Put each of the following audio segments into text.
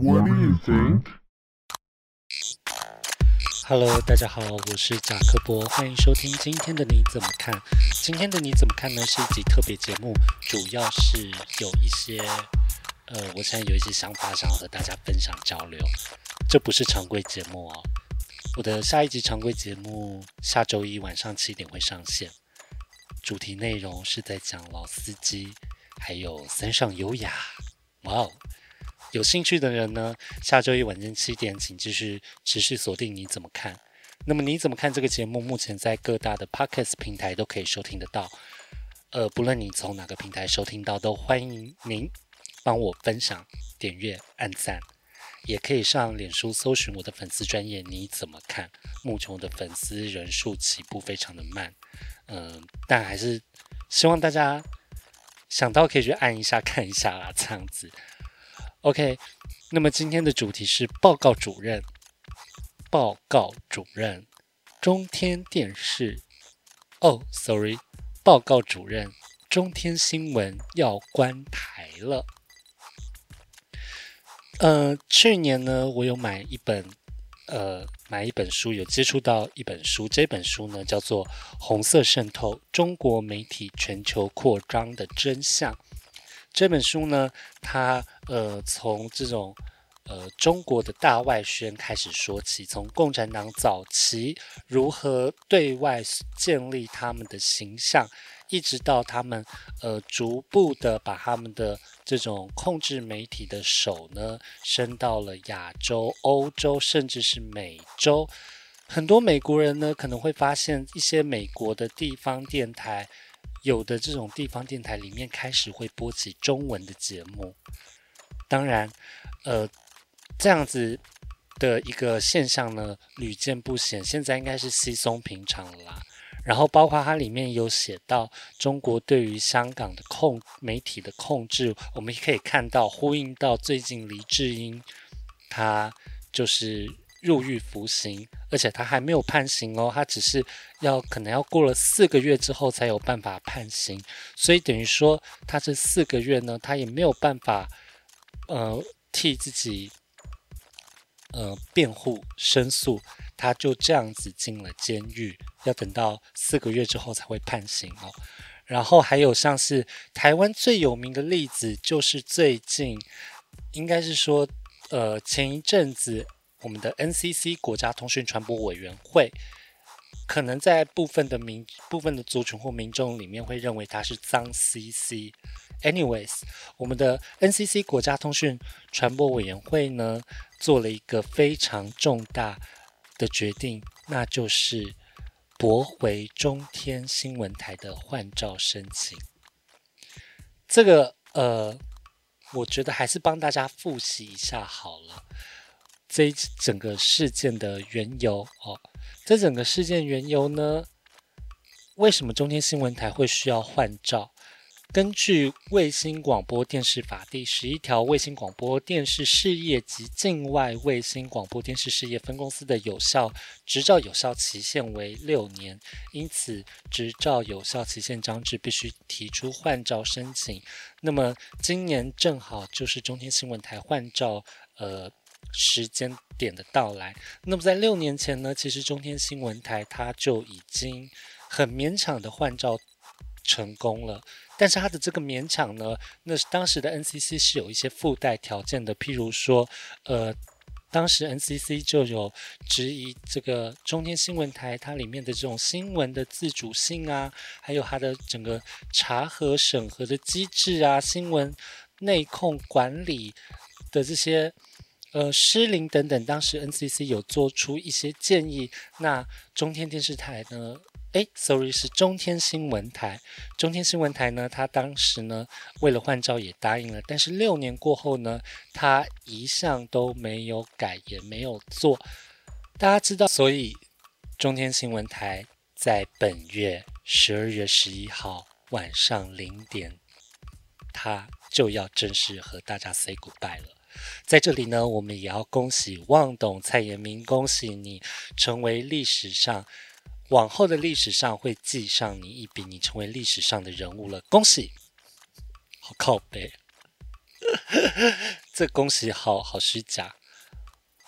What do you think? Hello，大家好，我是賈科博。歡迎收聽今天的你怎麼看？今天的你怎麼看呢？是一集特別節目，主要是有一些，呃，我現在有一些想法，想要和大家分享交流。這不是常規節目哦。我的下一集常規節目下周一晚上七點會上線，主題內容是在講老司機，還有三上優雅。哇哦！有興趣的人呢，下週一晚間七點，請繼續持續鎖定。你怎麼看？那麼你怎麼看這個節目？目前在各大的 podcast 平台都可以收聽得到。呃，不論你從哪個平台收聽到，都歡迎您幫我分享、點閱、按讚。也可以上臉書搜尋我的粉絲專頁。你怎麼看？目前我的粉絲人數起步非常的慢，嗯、呃，但還是希望大家想到可以去按一下、看一下啦，這樣子。OK，那麼今天的主題是報告主任，報告主任，中天電視。哦，sorry，報告主任，中天新聞要關台了。呃，去年呢，我有買一本，呃，買一本書，有接觸到一本書，這本書呢叫做《紅色滲透：中國媒體全球擴張的真相》。這本書呢，它呃從這種呃中國的大外宣開始說起，從共產黨早期如何對外建立他們的形象，一直到他們呃逐步的把他們的這種控制媒體的手呢伸到了亞洲、歐洲，甚至是美洲。很多美國人呢可能會發現一些美國的地方電台，有的這種地方電台裡面開始會播起中文的節目，當然，呃，這樣子的一個現象呢屢見不鮮，現在應該是稀鬆平常了啦。然後包括它裡面有寫到中國對於香港的控媒體的控制，我們也可以看到呼應到最近黎智英他就是。入獄服刑，而且他還沒有判刑哦，他只是要可能要過了四個月之後才有辦法判刑，所以等於說他這四個月呢，他也沒有辦法呃替自己呃辯護申訴，他就這樣子進了監獄，要等到四個月之後才會判刑哦。然後還有像是台灣最有名的例子，就是最近應該是說呃前一陣子。我們的 NCC 國家通訊傳播委員會，可能在部分的民、部分的族群或民眾裡面會認為它是髒 CC。Anyways，我們的 NCC 國家通訊傳播委員會呢，做了一個非常重大的決定，那就是駁回中天新聞台的換照申請。這個呃，我覺得還是幫大家複習一下好了。這整個事件的緣由哦，這整個事件緣由呢，為什麼中天新聞台會需要換照？根據《衛星廣播電視法》第十一條，衛星廣播電視事業及境外衛星廣播電視事業分公司的有效執照有效期限為六年，因此執照有效期限將至，必須提出換照申請。那麼今年正好就是中天新聞台換照，呃。時間點的到來。那麼，在六年前呢，其實中天新聞台它就已經很勉強的換照成功了。但是它的這個勉強呢，那是當時的 NCC 是有一些附帶條件的，譬如說，呃，當時 NCC 就有質疑這個中天新聞台它裡面的這種新聞的自主性啊，還有它的整個查核審核的機制啊，新聞內控管理的這些。呃，失靈等等，當時 NCC 有做出一些建議。那中天電視台呢？哎，sorry，是中天新聞台。中天新聞台呢，他當時呢，為了換照也答應了，但是六年過後呢，他一向都沒有改，也沒有做。大家知道，所以中天新聞台在本月十二月十一號晚上零點，他就要正式和大家 say goodbye 了。在這裡呢，我們也要恭喜旺董蔡衍明，恭喜你成為歷史上，往後的歷史上會記上你一筆，你成為歷史上的人物了，恭喜！好靠北， 這恭喜好好虛假。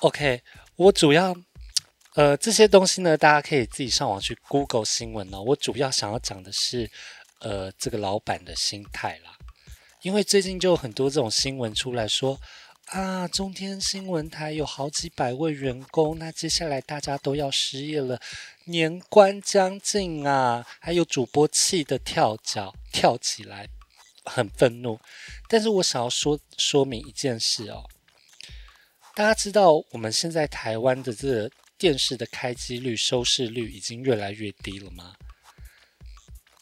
OK，我主要呃這些東西呢，大家可以自己上網去 Google 新聞喔。我主要想要講的是呃這個老闆的心態啦，因為最近就有很多這種新聞出來說。啊！中天新聞台有好幾百位員工，那接下來大家都要失業了。年關將近啊，還有主播氣得跳腳，跳起來，很憤怒。但是我想要說說明一件事哦，大家知道我們現在台灣的這個電視的開機率、收視率已經越來越低了嗎？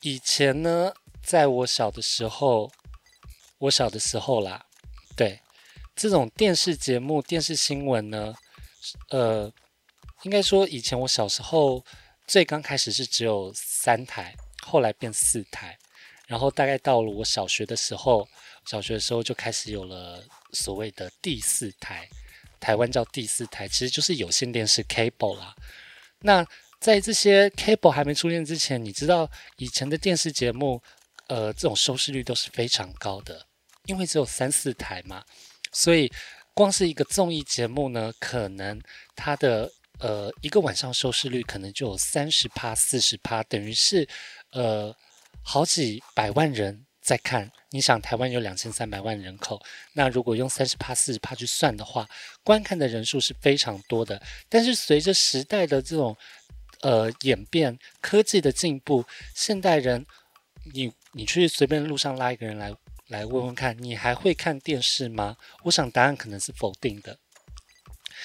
以前呢，在我小的時候，我小的時候啦，對。這種電視節目、電視新聞呢，呃，應該說以前我小時候最剛開始是只有三台，後來變四台，然後大概到了我小學的時候，小學的時候就開始有了所謂的第四台，台灣叫第四台，其實就是有線電視 cable 啦。那在這些 cable 還沒出現之前，你知道以前的電視節目，呃，這種收視率都是非常高的，因為只有三四台嘛。所以，光是一個綜藝節目呢，可能它的呃一個晚上收視率可能就有三十趴、四十趴，等於是呃好幾百萬人在看。你想，台灣有兩千三百萬人口，那如果用三十趴、四十趴去算的話，觀看的人數是非常多的。但是隨着時代的這種呃演變、科技的進步，現代人，你你去隨便路上拉一個人來。來問問看你還會看電視嗎？我想答案可能是否定的。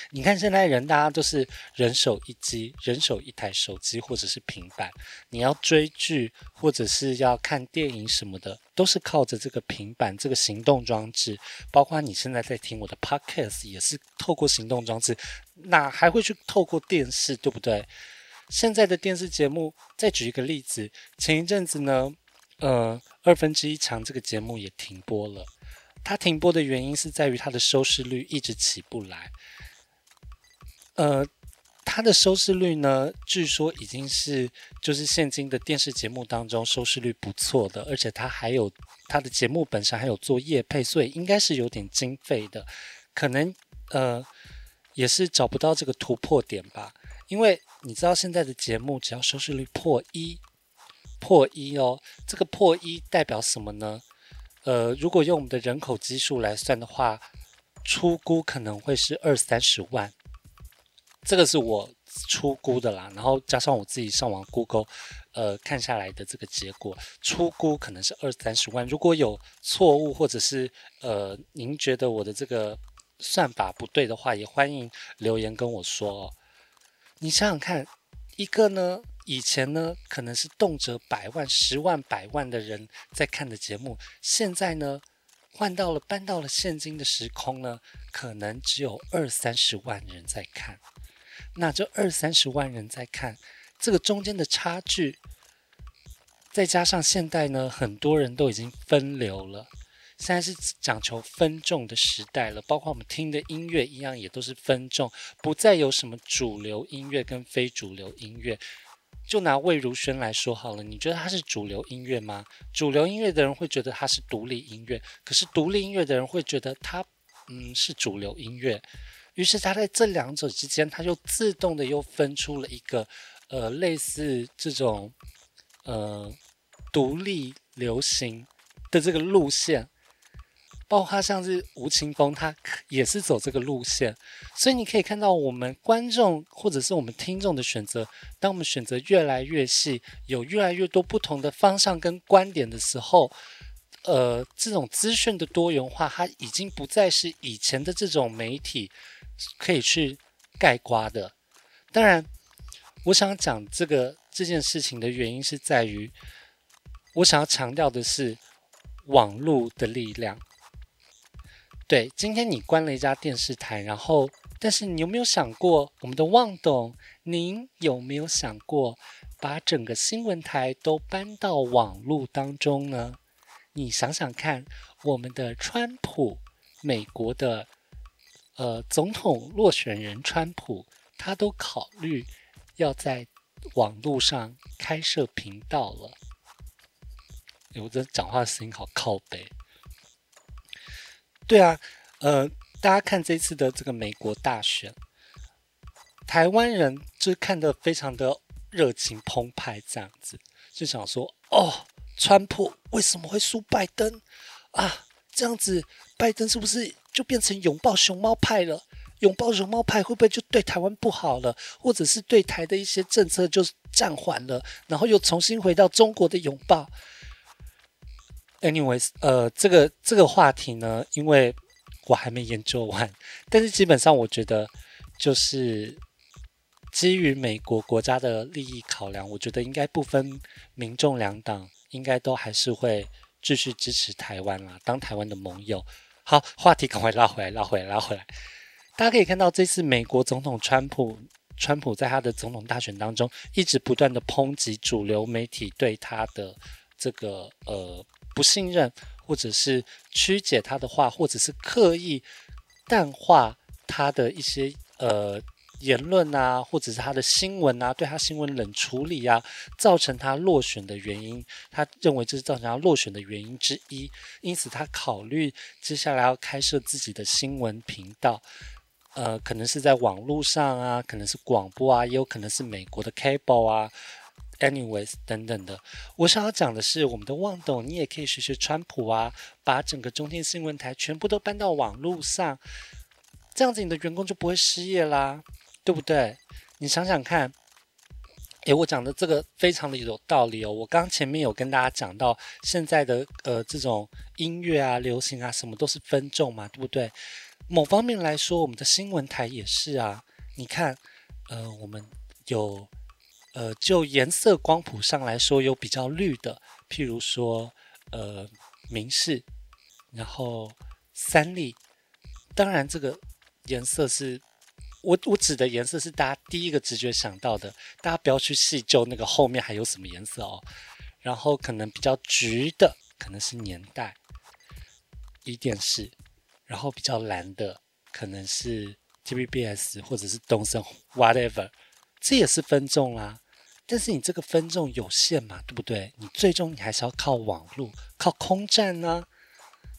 你看現在人，大家都是人手一機，人手一台手機或者是平板。你要追劇或者是要看電影什麼的，都是靠着這個平板這個行動裝置。包括你現在在聽我的 podcast，也是透過行動裝置。那還會去透過電視，對不對？現在的電視節目，再舉一個例子，前一陣子呢。呃，二分之一長這個節目也停播了。它停播的原因是在於它的收視率一直起不來。呃，它的收視率呢，據說已經是就是現今的電視節目當中收視率不錯的，而且它還有它的節目本身還有做夜配，所以應該是有點經費的。可能呃也是找不到這個突破點吧，因為你知道現在的節目只要收視率破一。破一哦，這個破一代表什麼呢？呃，如果用我們的人口基數來算的話，初估可能會是二三十萬，這個是我初估的啦。然後加上我自己上網 Google，呃，看下來的這個結果，初估可能是二三十萬。如果有錯誤或者是呃，您覺得我的這個算法不對的話，也歡迎留言跟我說哦。你想想看，一個呢？以前呢，可能是動輒百萬、十萬、百萬的人在看的節目，現在呢，換到了搬到了現今的時空呢，可能只有二三十萬人在看。那這二三十萬人在看，這個中間的差距，再加上現代呢，很多人都已經分流了，現在是講求分眾的時代了，包括我們聽的音樂一樣，也都是分眾，不再有什麼主流音樂跟非主流音樂。就拿魏如萱來說好了，你覺得它是主流音樂嗎？主流音樂的人會覺得它是獨立音樂，可是獨立音樂的人會覺得它嗯，是主流音樂。於是它在這兩者之間，它就自動的又分出了一個，呃，類似這種，呃，獨立流行的這個路線。包括像是吳青峰，他也是走這個路線，所以你可以看到我們觀眾或者是我們聽眾的選擇。當我們選擇越來越細，有越來越多不同的方向跟觀點的時候，呃，這種資訊的多元化，它已經不再是以前的這種媒體可以去概括的。當然，我想講這個這件事情的原因是在於，我想要強調的是網絡的力量。對，今天你關了一家電視台，然後，但是你有沒有想過，我們的旺董，您有沒有想過，把整個新聞台都搬到網絡當中呢？你想想看，我們的川普，美國的，呃，總統落選人川普，他都考慮要在網絡上開設頻道了。哎，我這講話的聲音好靠北。對啊，呃，大家看這一次的這個美國大選，台灣人就看得非常的熱情澎湃這樣子，就想說，哦，川普為什麼會輸拜登啊？這樣子，拜登是不是就變成擁抱熊貓派了？擁抱熊貓派會不會就對台灣不好了？或者是對台的一些政策就暫緩了，然後又重新回到中國的擁抱？Anyways，呃，這個這個話題呢，因為我還沒研究完，但是基本上我覺得，就是基於美國國家的利益考量，我覺得應該不分民眾兩黨，應該都還是會繼續支持台灣啦，當台灣的盟友。好，話題趕快拉回來，拉回來，拉回來。大家可以看到，這次美國總統川普，川普在他的總統大選當中，一直不斷的抨擊主流媒體對他的這個呃。不信任，或者是曲解他的話，或者是刻意淡化他的一些呃言論啊，或者是他的新聞啊，對他新聞冷處理啊，造成他落選的原因，他認為這是造成他落選的原因之一，因此他考慮接下來要開設自己的新聞頻道，呃，可能是在網絡上啊，可能是廣播啊，也有可能是美國的 cable 啊。Anyways 等等的，我想要講的是，我們的旺董，你也可以學學川普啊，把整個中天新聞台全部都搬到網絡上，這樣子你的員工就不會失業啦，對不對？你想想看，誒，我講的這個非常的有道理哦。我剛前面有跟大家講到，現在的呃這種音樂啊、流行啊什麼都是分眾嘛，對不對？某方面來說，我們的新聞台也是啊。你看，呃，我們有。呃，就顏色光譜上來說，有比較綠的，譬如說，呃，民視，然後三立，當然這個顏色是，我我指的顏色是大家第一個直覺想到的，大家不要去細究那個後面還有什麼顏色哦。然後可能比較橘的，可能是年代，壹電視，然後比較藍的，可能是 TVBS 或者是東森 whatever，這也是分眾啦，啊。但是你這個分眾有限嘛，對不對？你最終你還是要靠網絡，靠空戰呢、啊。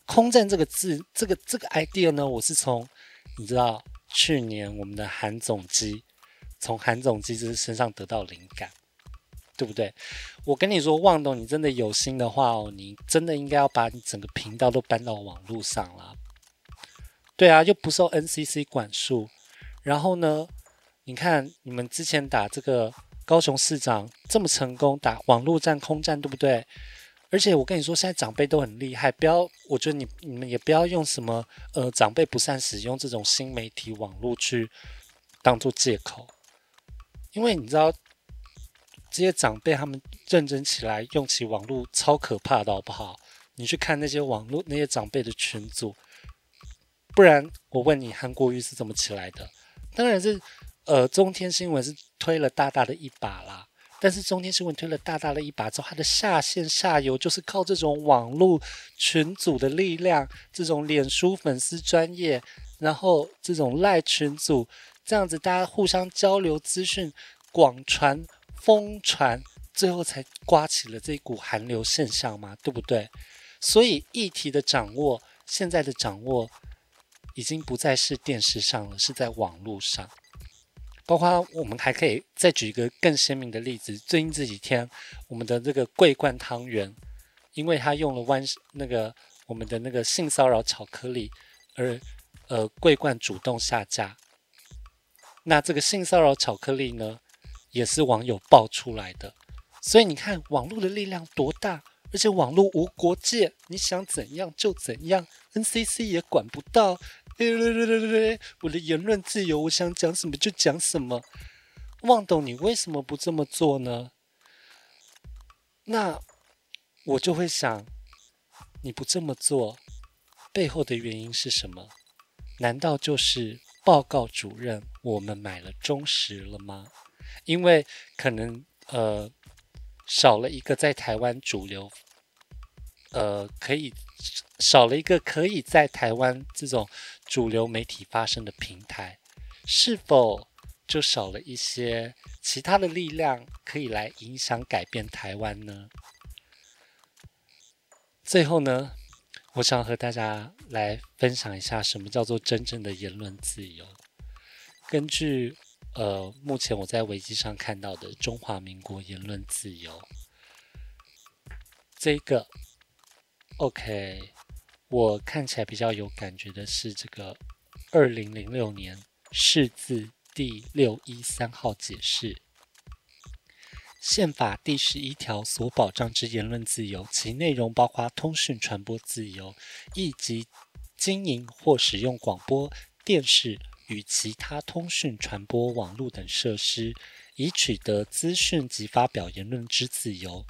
空戰這個字，這個這個 idea 呢，我是從你知道去年我們的韓總機從韓總機之身上得到靈感，對不對？我跟你說，旺東，你真的有心的話哦，你真的應該要把你整個頻道都搬到網絡上了。對啊，又不受 NCC 管束。然後呢，你看你們之前打這個。高雄市長這麼成功，打網絡戰、空戰，對不對？而且我跟你說，現在長輩都很厲害，不要，我覺得你你們也不要用什麼呃，長輩不善使用這種新媒體網絡去當做借口，因為你知道這些長輩他們認真起來，用起網絡超可怕的，好不好？你去看那些網絡那些長輩的群組，不然我問你，韓國瑜是怎麼起來的？當然是。呃，中天新聞是推了大大的一把啦，但是中天新聞推了大大的一把之後，它的下線下游就是靠這種網絡群組的力量，這種臉書粉絲專頁，然後這種 Line 群組，這樣子大家互相交流資訊、廣傳、瘋傳，最後才刮起了這股韓流現象嘛，對不對？所以議題的掌握，現在的掌握已經不再是電視上了，是在網絡上。包括我們還可以再舉一個更鮮明的例子，最近這幾天我們的這個桂冠湯圓，因為它用了彎那個我們的那個性騷擾巧克力而，而呃桂冠主動下架。那這個性騷擾巧克力呢，也是網友爆出來的，所以你看網絡的力量多大，而且網絡無國界，你想怎樣就怎樣，NCC 也管不到。對對對對對，我的言論自由，我想講什麼就講什麼。旺董，你為什麼不這麼做呢？那我就會想，你不這麼做背後的原因是什麼？難道就是報告主任，我們買了中時了嗎？因為可能呃少了一個在台灣主流，呃可以少了一個可以在台灣這種。主流媒體發聲的平台，是否就少了一些其他的力量可以來影響改變台灣呢？最後呢，我想和大家來分享一下什麼叫做真正的言論自由。根據呃，目前我在維基上看到的中華民國言論自由，這個 OK。我看起來比較有感覺的是這個，二零零六年釋字第六一三號解釋，憲法第十一條所保障之言論自由，其內容包括通訊傳播自由，亦即經營或使用廣播電視與其他通訊傳播網絡等設施，以取得資訊及發表言論之自由。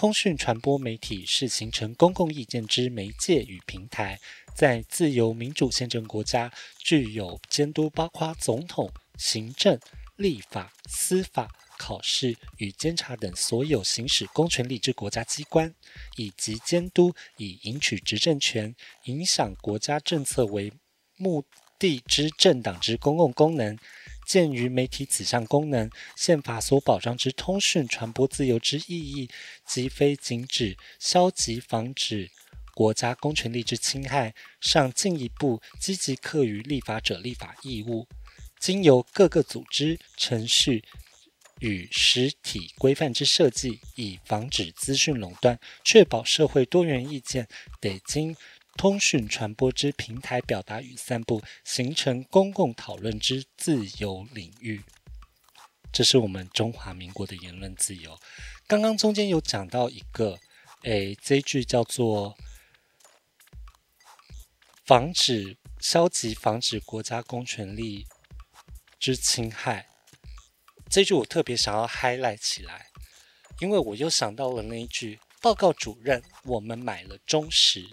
通訊傳播媒體是形成公共意見之媒介與平台，在自由民主憲政國家具有監督包括總統、行政、立法、司法、考試與監察等所有行使公權力之國家機關，以及監督以贏取執政權、影響國家政策為目的之政黨之公共功能。鑒於媒體此項功能，憲法所保障之通訊傳播自由之意義，即非僅止消極防止國家公權力之侵害，尚進一步積極課於立法者立法義務，經由各個組織、程序與實體規範之設計，以防止資訊壟斷，確保社會多元意見。得經。通訊傳播之平台表達與散布，形成公共討論之自由領域。這是我們中華民國的言論自由。剛剛中間有講到一個，誒，這句叫做“防止消極防止國家公權力之侵害”。這句我特別想要 highlight 起來，因為我又想到了那一句：“報告主任，我們買了中天。”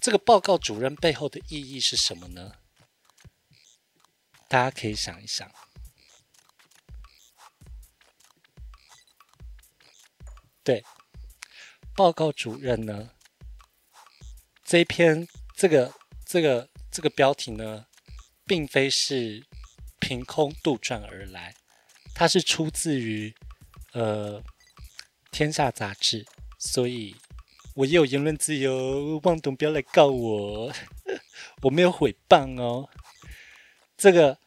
這個報告主任背後的意義是什麼呢？大家可以想一想。對，報告主任呢，這篇這個這個這個標題呢，並非是憑空杜撰而來，它是出自於呃《天下》雜誌，所以。我也有言論自由，旺董不要來告我， 我沒有誹謗哦。這個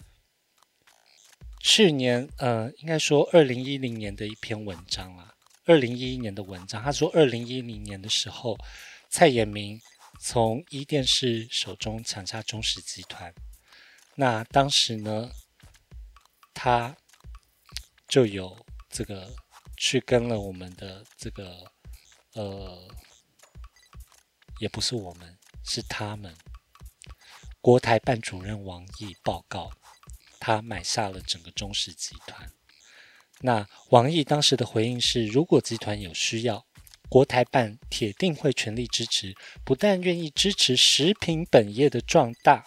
去年，呃，應該說二零一零年的一篇文章啦、啊，二零一一年的文章，他說二零一零年的時候，蔡衍明從伊電視手中搶下中時集團，那當時呢，他就有這個去跟了我們的這個，呃。也不是我們，是他們。國台辦主任王毅報告，他買下了整個中時集團。那王毅當時的回應是：如果集團有需要，國台辦鐵定會全力支持，不但願意支持食品本業的壯大，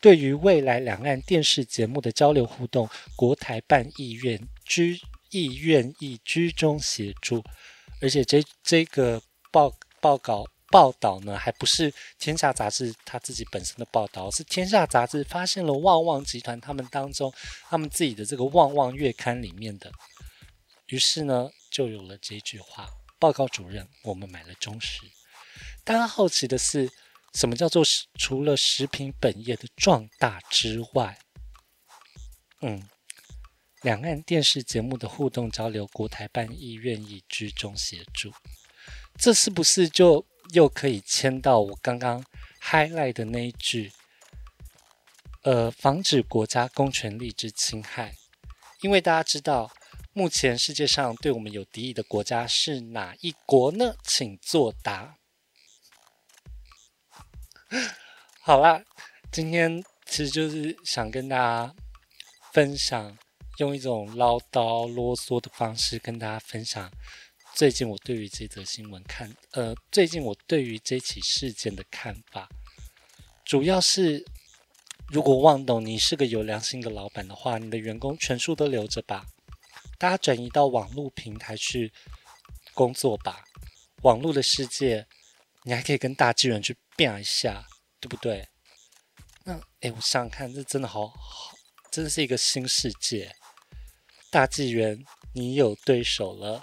對於未來兩岸電視節目的交流互動，國台辦意願居意願意居中協助。而且這這個報報告。報道呢，還不是天下雜誌他自己本身的報道是天下雜誌發現了旺旺集團他們當中，他們自己的這個旺旺月刊裡面的，於是呢，就有了這句話：報告主任，我們買了中時。大家好奇的是，什麼叫做除了食品本業的壯大之外，嗯，兩岸電視節目的互動交流，國台辦亦願意居中協助，這是不是就？又可以牽到我剛剛 highlight 的那一句，呃，防止國家公權力之侵害。因為大家知道，目前世界上對我們有敵意的國家是哪一國呢？請作答。 好啦，今天其實就是想跟大家分享，用一種嘮叨、囉嗦的方式跟大家分享。最近我對於這則新聞看，呃，最近我對於這起事件的看法，主要是，如果旺董你是個有良心的老闆的話，你的員工全數都留着吧，大家轉移到網絡平台去工作吧，網絡的世界，你還可以跟大紀元去變一下，對不對？那，哎，我想想看，這真的好好，真的是一個新世界，大紀元你有對手了。